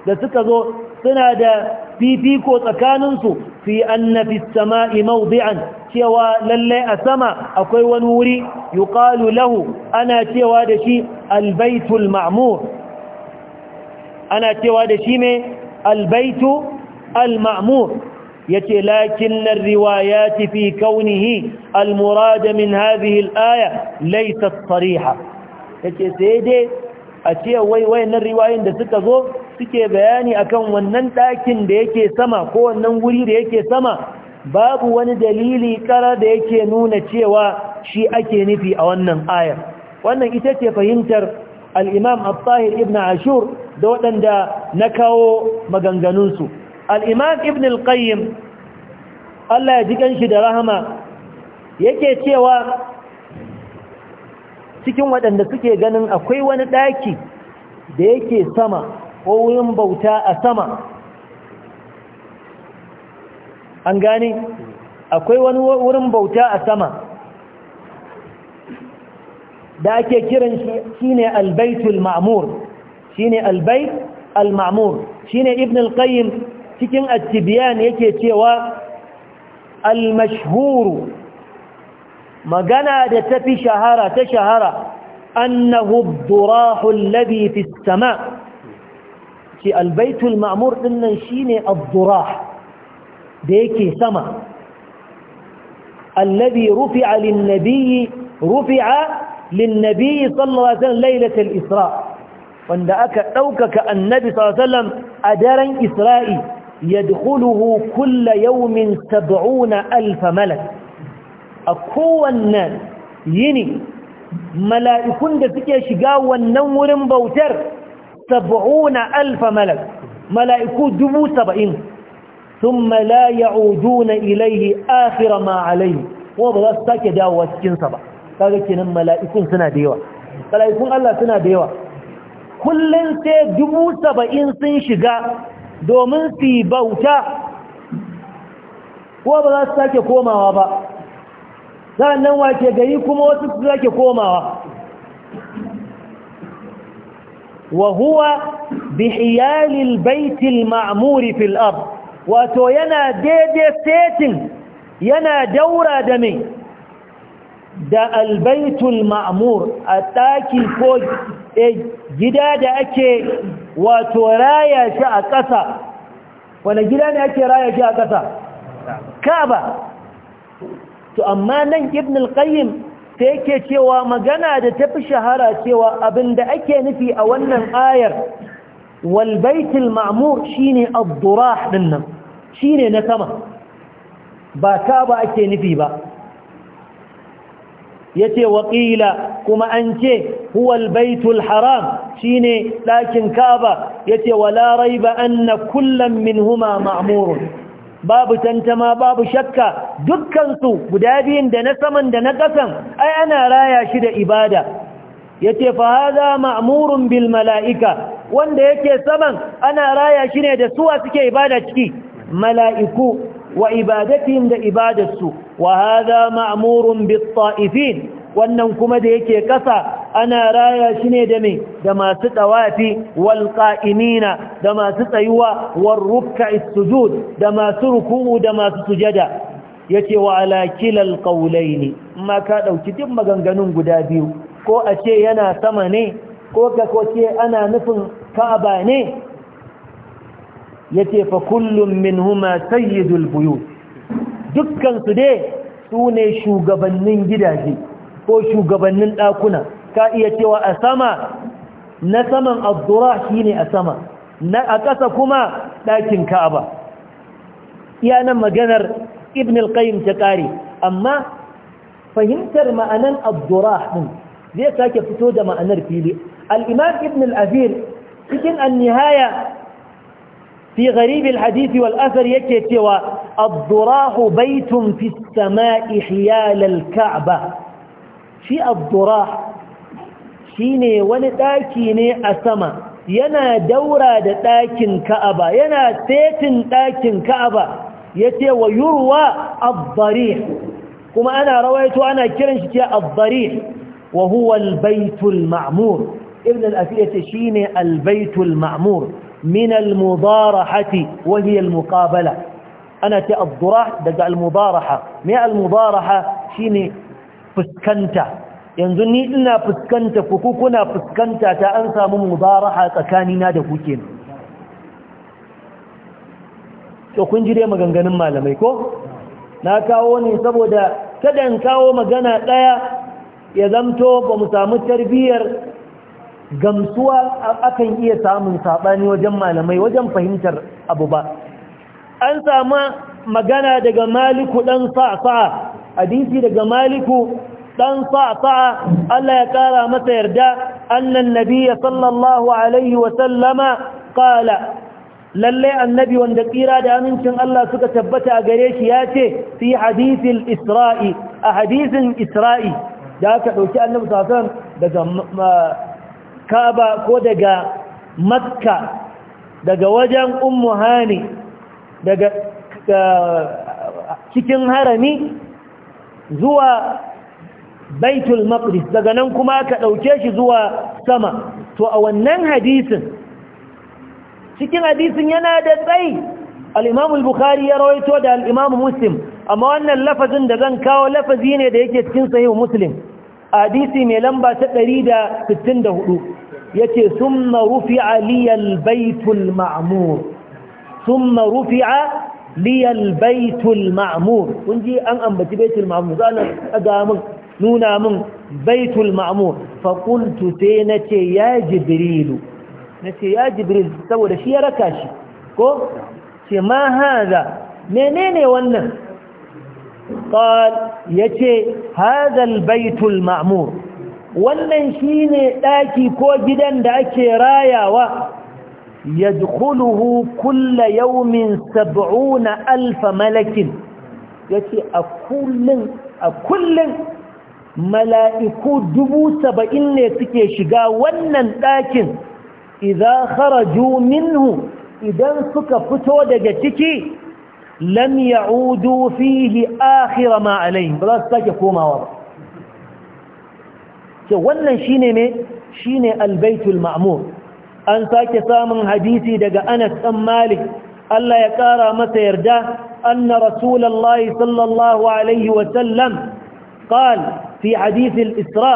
da suka zo suna da fifiko tsakaninsu fi anna fi samai mawdi'an cewa lalle a sama akwai wani wuri yuqalu lahu ana cewa da shi albaytul ma'mur ana cewa da shi me albaitu al-ma'mur yace lakinnar riwayati fi kaunihi almurad min hadhihi alaya laysa sariha yace sayyidi a ce wai wayannan riwayoyin da suka zo suke bayani akan wannan dakin da yake sama ko wannan guri da yake sama babu wani dalili kara da yake nuna cewa shi ake nufi a wannan ayar wannan ita ce fahimtar al-imam al-tahir ibn ashur da waɗanda na kawo maganganunsu al'imam ibn al-qayyim Allah ya ji ƙanshi da rahama yake cewa cikin waɗanda suke ganin akwai wani ɗaki da yake sama ko wurin bauta a sama an gane akwai wani wurin bauta a sama da ake kiran shi ne albaitul ma'amur shi ne albait al-ma'amur shi ne ibn al-qayyim cikin attibiyan yake cewa al mashhur magana da tafi shahara ta shahara annahu ad durah alladhi fi as-sama ci al-bayt al-ma'mur dinnan shine ad-durah da yake sama alladhi rufi'a lin nabiy rufi'a للنبي صلى الله عليه وسلم ليلة الإسراء وان دعك أوكك النبي صلى الله عليه وسلم أدرا إسرائي يدخله كل يوم سبعون ألف ملك أكوانا يني mala'ikun da suke shiga wannan wurin bautar saba'una alfa malak mala'iku dubu saba'in sun malaya ujuna ilaihi akira ma alaihi ko ba za su sake dawowa cikinsa ba kaga kenan mala'ikun suna da yawa mala'ikun Allah suna da yawa kullum sai dubu saba'in sun shiga domin su bauta ko ba za su sake komawa ba sa'annan wake gari kuma wasu su sake komawa wahuwa huwa bi hiyalil baitil ma'muri fil'ab wato yana daidai setin yana daura da mai da albaitul ma'amur a ɗaki ko e, gida da ake wato raya shi a ƙasa wane gida ne ake raya shi a ƙasa kaba to amma nan ibn al-qayyim ta yake cewa magana da tafi shahara cewa abinda ake nufi a wannan ayar walbaitul ma'amur shine ad nan, shi shine na sama ba kaba ake nufi ba yace waƙila kuma an ce huwal baitul haram shine ɗakin kaaba yace wala raiba anna min minhuma ma'amurun. babu tantama babu shakka dukkansu guda biyun da na saman da na kasan ai ana raya shi da ibada yace fa haza ma'amurun bil malaika wanda yake saman ana raya shi ne da suwa suke ibada ciki mala'iku wa ibadatihim da ibadarsu wahala ma'amurin ma'murun wannan kuma da yake kasa ana raya shi ne da mai, da masu tawafi wal qa'imina da masu tsayuwa war ruk'is sujud da masu ruku'u da masu sujada yace wa ala kilal qawlaini amma ka dauki duk maganganun guda biyu ko a ce yana sama ne ko ka ko ce ana nufin ka'aba ne yace fa kullum minhuma sayyidul buyut dukkan su dai sune shugabannin gidaje ko shugabannin dakuna ka iya cewa a sama na saman abdurrah shine a sama na a ƙasa kuma ɗakin ka'aba iya nan maganar ibn al-qayyim ta kare amma fahimtar ma'anan abdurrah din zai sake fito da ma'anar fili al-imam ibn al-azir cikin an-nihaya في غريب الحديث والأثر يكيتوا الضراح بيت في السماء حيال الكعبة في الضراح شيني ونتاكيني أسما ينا دورا دتاكين كعبة ينا تيتن تاكين كعبة يتي ويروى الضريح كما أنا رويت أنا كرنش الضريح وهو البيت المعمور ابن الأفئة شيني البيت المعمور min al-mudarahati wa hiya al ana ta ad daga al-mudaraha me al-mudaraha shine fuskanta yanzu ni ina fuskanta ku ku kuna fuskanta ta an samu mudaraha tsakanina da ku kenan to kun ji dai maganganun malamai ko na kawo ni saboda kada in kawo magana ɗaya ya zamto ba mu samu tarbiyyar gamsuwa akan iya samun saɓani wajen malamai wajen fahimtar abu ba an sama magana daga maliku ɗan sa'a hadisi daga maliku ɗan sa'a Allah ya ƙara masa yarda annan nabiya sallallahu alaihi wasallama ƙala lallai annabi wanda tsira da amincin Allah suka tabbata a gare shi ya ce fi hadisin isra'i a hadisin isra'i da aka ɗauki annabi sa'asar daga kaba ko daga makka daga wajen ummu hani daga cikin harami zuwa baitul maqdis daga nan kuma ka dauke shi zuwa sama to a wannan hadisin cikin hadisin yana da tsayi al-imam al-bukhari ya rawaito da al-imam muslim amma wannan lafazin da zan kawo lafazi ne da yake cikin sahih muslim hadisi mai lamba ta 164 yace thumma rufi'a liyal baitul ma'mur thumma rufi'a baitul ma'mur kun ji an ambaci baitul ma'amur za a ga nuna mun baitul ma'mur fa qultu sai nace ya jibrilu ya jibril saboda shi ya raka shi ko ce ma mene ne wannan qal yace hadha baitul ma'mur wannan shine ɗaki ko gidan da ake rayawa ya dukuluhu kulla yaumin sab'una alfa malakin ya ce a kullum mala'iku dubu saba'in ne suke shiga wannan ɗakin idan kharaju minhu idan suka fito daga ciki lam ya'udu fihi akhira ma alayhim ba za su sake komawa ba ce wannan shine ne shine albaitul an sake samun hadisi daga Anas ɗan Malik Allah ya kara masa yarda anna rasulallah sallallahu alaihi wa sallam fi hadith isra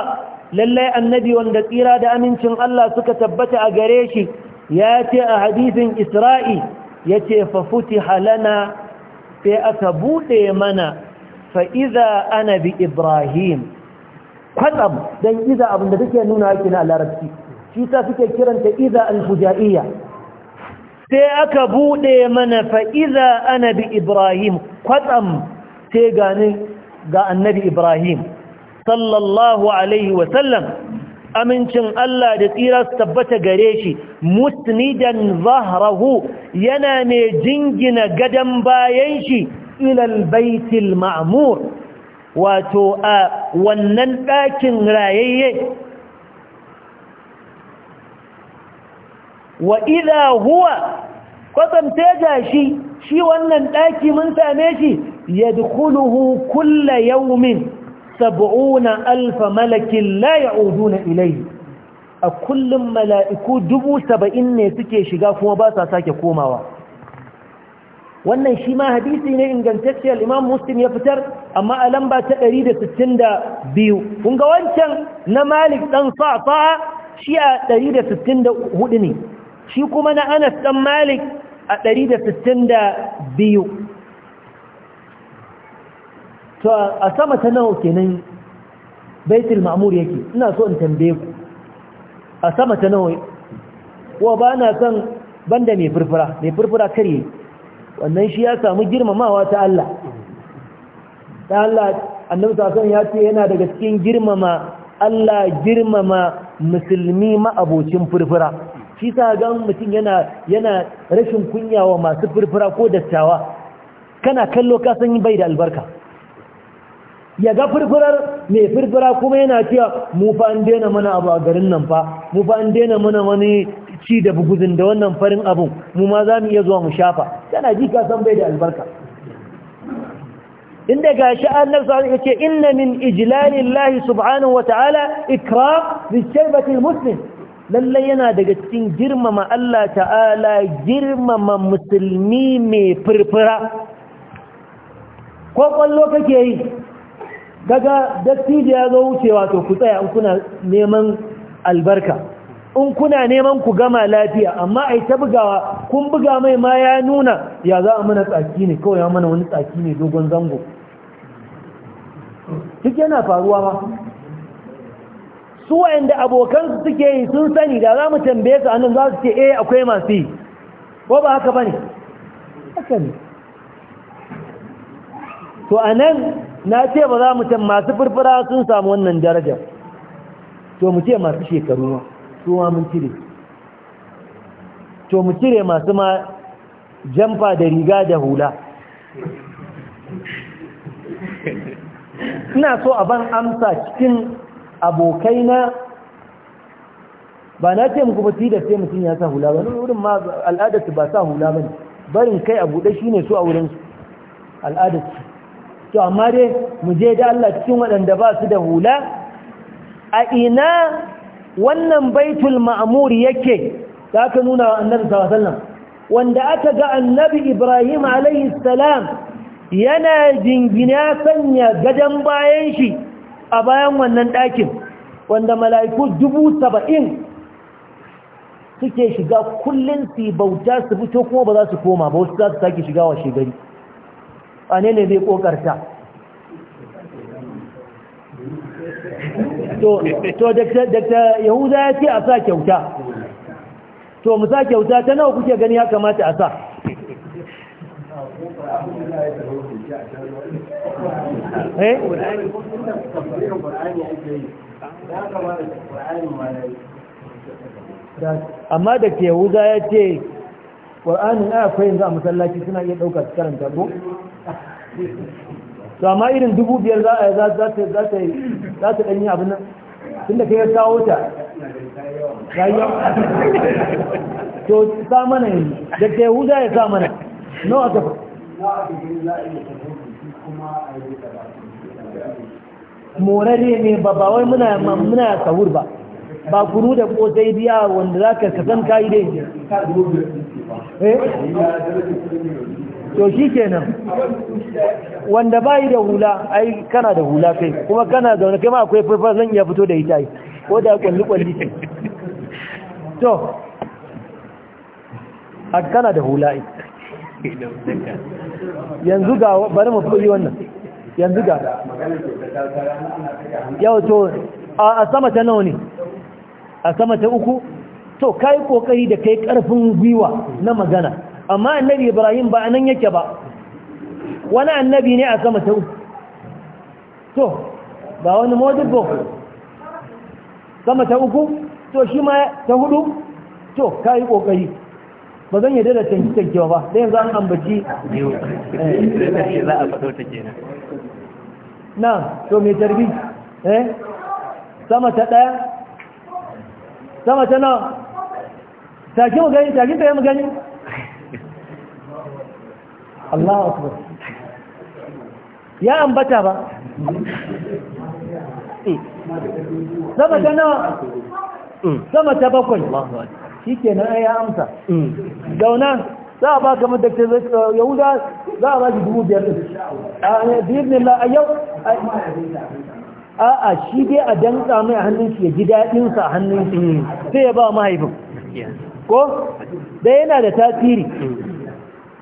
lallai annabi wanda tsira da amincin Allah suka tabbata a gare shi ya ce a hadisin isra'i ya ce fafuti halana sai aka buɗe mana fa'iza ana bi ibrahim kwatsam dan iza abin da take nuna yake na larabci shi ta suke kiranta iza al-fujaiyya sai aka bude mana fa iza ana bi ibrahim kwatsam sai gane ga annabi ibrahim sallallahu alaihi amincin Allah da tsira su tabbata gare shi musnidan zahrahu yana mai jingina gadan bayan shi ilal baitil ma'mur wato a wannan ɗakin rayayye wa idha huwa kwatanta ga shi shi wannan ɗaki mun same shi ya yadkhuluhu kulla yawmin sab'una alfa malakin la na ilayhi a kullum mala'iku dubu saba'in ne suke shiga kuma ba sa sake komawa wannan shi ma hadisi ne ingantacce al-imam muslim ya fitar amma a lamba ta 162 kun ga wancan na malik dan sa'sa shi a 164 ne shi kuma na anas dan malik a 162 to a sama ta nawa kenan baitul ma'mur yake ina so in tambaye ku a sama ta nawa wa ba na son banda mai furfura mai furfura kare wannan shi ya samu girmamawa ta Allah ta Allah annabi ya ce yana daga cikin girmama Allah girmama musulmi ma'abocin furfura shi sa ga mutum yana yana rashin kunya wa masu furfura ko dattawa kana kallo ka san bai da albarka ya ga furfurar mai furfura kuma yana cewa mu fa an daina mana abu a garin nan fa mu fa an daina mana wani ci da bugudun da wannan farin abun mu ma za mu iya zuwa mu shafa kana ji ka san bai da albarka inda ga shi annabi sallallahu alaihi wasallam inna min lahi subhanahu wa ta'ala ikram bi shaybati almuslim lalle yana daga cikin girmama Allah ta'ala girmama musulmi mai furfura ko kwallo kake yi daga dattijo ya zo wucewa to ku tsaya kuna neman albarka in kuna neman ku gama lafiya amma ai ta bugawa kun buga mai ma ya nuna ya za a mana tsaki ne kawai ya mana wani tsaki ne dogon zango duk yana faruwa ma su wayanda abokan su suke yi sun sani da za mu tambaye su anan za su ce eh akwai masu yi ko ba haka bane haka ne to anan na ce ba za mu masu furfura sun samu wannan darajar to mu ce masu shekaru ma su mun cire to mu cire masu ma jamfa da riga da hula ina so a ban amsa cikin abokai na ba na ce muku ba da sai mutum ya sa hula ba ne wurin ma al'adarsu ba sa hula ba ne barin kai a buɗe shi ne su a su, al'adarsu to amma dai mu je da Allah cikin waɗanda ba su da hula a ina wannan baitul ma'mur yake da aka nuna wa annabi sallallahu alaihi wasallam wanda aka ga annabi ibrahim alaihi salam yana jingina sanya gadan bayan shi a bayan wannan ɗakin wanda mala'iku dubu saba'in suke shiga kullum su bauta su fito kuma ba za su koma ba wasu za su sake shiga wa shigari a ne ne zai kokarta to dakta yahuda ya ce a sa kyauta to mu sa kyauta ta nawa kuke gani ya kamata a sa eh? amma da ke huza ya ce ƙwar'anin akwai yanzu a masallaci suna iya ɗaukar karanta ko to amma irin dubu biyar za a za za ta za ta danyi abin nan tunda kai ya kawo ta rayuwa to sa mana yanzu da ke huda ya sa mana nawa ka morare ne ba ba wai muna muna sahur ba ba kunu da kosai biya wanda za ka kasan kayi dai eh to shi kenan wanda bai da hula ai kana da hula kai kuma kana da wani kai ma akwai faifa zan iya fito da ita ko da kulli kulli ce to a kana da hula yanzu ga bari mu fi wannan yanzu ga yau to a sama ta nawa ne a sama ta uku to kai kokari da kai karfin gwiwa na magana amma annabi ibrahim ba anan yake ba wani annabi ne a sama tau to ba wani modibbo sama ta uku to shi ma ta hudu to ka yi kokari ba zan yadda da canji cankewa ba da yanzu an ambaci eh. za a faɗo na to mai tarbi eh sama ta ɗaya sama ta nawa take mu gani take ta yi mu gani Allahu akbar ya ambata ba eh. sama ta nawa mm. sama ta bakwai shi ke na ya amsa gauna mm. za a ba kamar da ke yahuda za a ba shi dubu biyar a eh, biznin a yau a'a shi dai a danka mai hannun shi ya ji daɗinsa a hannun shi mm. sai ya ba mahaifin ko da yana da tasiri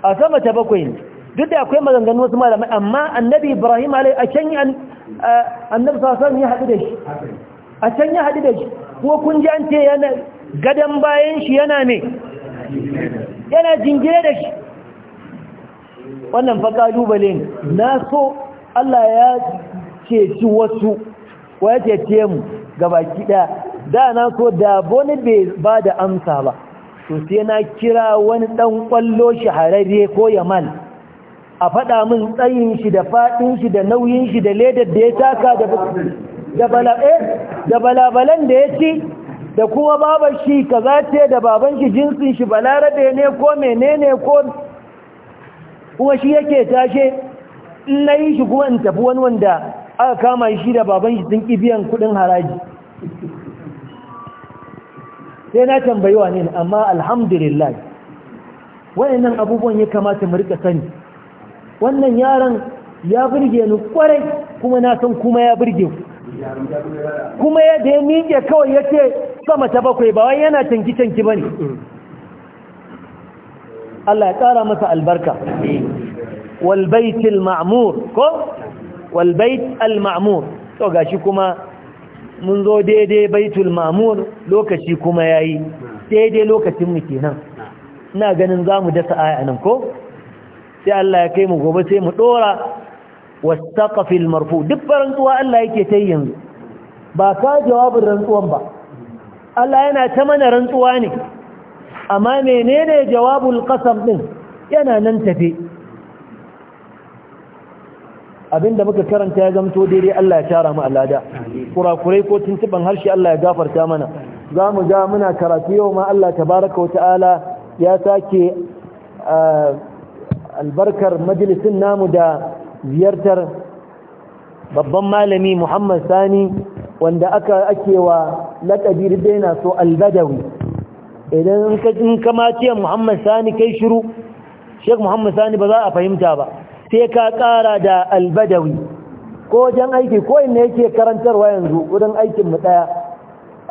a sama ta bakwai ne duk da akwai maganganu wasu malamai amma annabi ibrahim alai a can annabi sassan ya haɗu da shi a can ya haɗu da shi ko kun ji an ce yana gadon bayan shi yana ne yana jingire da shi wannan faƙa dubale ne na so Allah ya ceci wasu wa ya cece mu gabaki ɗaya da na so da boni bai ba da amsa ba to sai na kira wani ɗan ƙwallo shahararre ko yamal a faɗa min tsayin shi da faɗin shi da nauyin shi da ledar da ya taka eh, da balabalan da ya ci da kuma babar shi kaza ce da baban shi jinsin shi balarabe ne ko menene ko kuma shi yake tashe in na yi shi kuma in tafi wani wanda aka kama shi da baban shi sun ƙi biyan kuɗin haraji sai na tambayi wa ne amma alhamdulillah wayannan abubuwan ya kamata mu rika sani wannan yaron ya burge ni kwarai kuma na san kuma ya burge ku kuma ya da ya miƙe kawai ya ce sama ta bakwai ba wai yana canki-canki ba ne Allah ya ƙara masa albarka walbaitil mamur ko bait al ma'mur to gashi kuma mun zo daidai baitul mamur lokaci kuma yayi daidai lokacin mu kenan ina ganin zamu dasa aya nan ko sai Allah ya kai mu gobe sai mu dora wastaqafil marfu duk rantsuwa Allah yake ta yanzu ba ka jawabin rantsuwan ba Allah yana ta mana rantsuwa ne amma menene jawabul qasam din yana nan tafe Abin da muka karanta ya gamto daidai Allah ya tara mu alada kurakurai ko tuntuban harshe Allah ya gafarta mana za mu ga muna karatu yau ma Allah tabaraka wa ta'ala ya sake albarkar majalisin namu da ziyartar babban malami Muhammad Sani wanda aka ake wa laƙabi daina so albadawi idan in kama ce Muhammad Sani kai shiru Sheikh Muhammad Sani ba za a fahimta ba sai ka ƙara da albadawi ko wajen aiki ko inda yake karantarwa yanzu wurin aikin mu ɗaya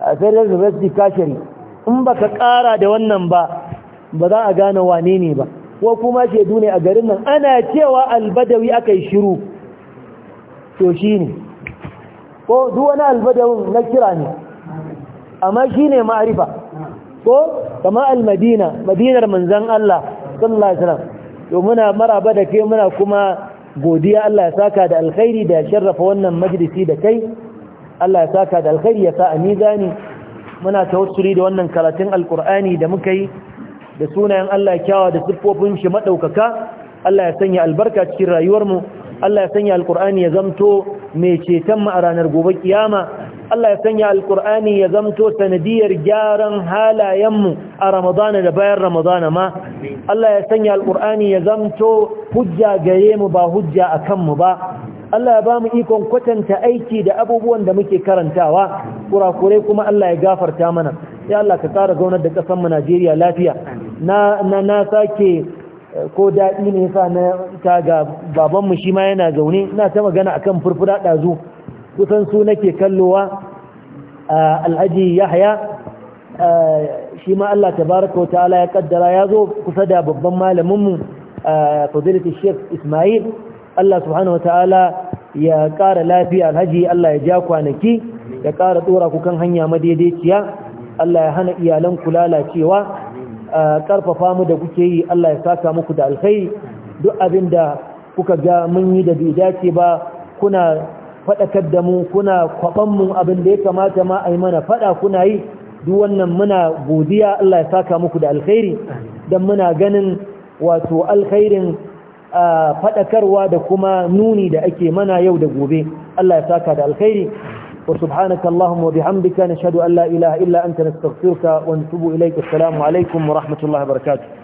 a federal university kashiri in ba ka ƙara da wannan ba ba za a gane wane ne ba ko kuma shaidu ne a garin nan ana cewa albadawi aka yi shiru to shi ne ko zuwa wani albadawin na kira ne amma shi ne ma'arifa ko kama almadina madinar manzan Allah sallallahu to muna maraba da kai muna kuma godiya Allah ya saka da alkhairi da ya sharrafa wannan majalisi da kai Allah ya saka da alkhairi ya sa a mizani muna tawassuli da wannan karatun alkur'ani da muka yi da sunayen Allah kyawa da siffofin shi madaukaka Allah ya sanya albarka cikin rayuwar mu Allah ya sanya alkur'ani ya zamto mai ceton mu a ranar gobe kiyama Allah ya sanya alkur'ani ya zamto sanadiyar gyaran halayenmu a ramadana da bayan ramadana ma Allah ya sanya alkur'ani ya zamto hujja gare mu ba hujja a mu ba Allah ya ba mu ikon kwatanta aiki da abubuwan da muke karantawa kurakurai kuma Allah ya gafarta mana sai Allah ka tsara gaunar da ƙasar Najeriya lafiya na na sake eh, ko daɗi ne sa na ta ga babanmu shi ma yana zaune Ina ta magana akan furfura ɗazu kusan su nake kallowa alhaji Yahaya, shi ma Allah tabaraka wa ta'ala ya kaddara ya zo kusa da babban malaminmu fadilati sheikh ismail Allah subhanahu ta'ala ya ƙara lafiya alhaji Allah ya ja kwanaki ya kara tsora ku kan hanya madaidaiciya Allah ya hana iyalan ku lalacewa Karfafa mu da kuke yi Allah ya saka muku da alkhairi duk abinda kuka ga mun yi da bai dace ba kuna faɗakar da mu kuna kwaɓan mu abin da ya kamata ma a yi mana faɗa kuna yi duk wannan muna godiya Allah ya saka muku da alkhairi don muna ganin wato alkhairin faɗakarwa da kuma nuni da ake mana yau da gobe Allah ya saka da alkhairi wa subhanaka Allahumma wa bihamdika nashhadu an la ilaha illa anta nastaghfiruka wa natubu ilayk assalamu alaikum wa rahmatullahi wa barakatuh